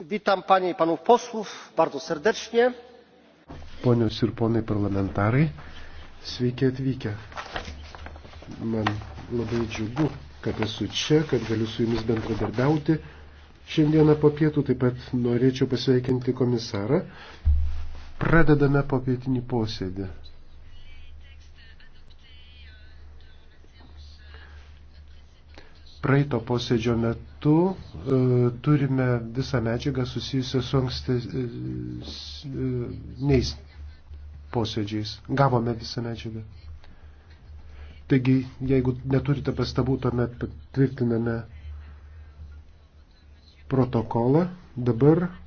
witam panie i panów posłów bardzo serdecznie. ponios ir ponai parlamentarai sveiki atvykę. man labai džiugu kad esu čia kad galiu su jumis bendradarbiauti. Šiandieną po pietų taip pat norėčiau pasveikinti komisarą. Pradedame popietinį posėdį. praeito posėdžio metu e, turime visą medžiagą susijusią su ankstesniais e, posėdžiais. Gavome visą medžiagą. Taigi, jeigu neturite pastabų, tuomet patvirtiname protokolą. Dabar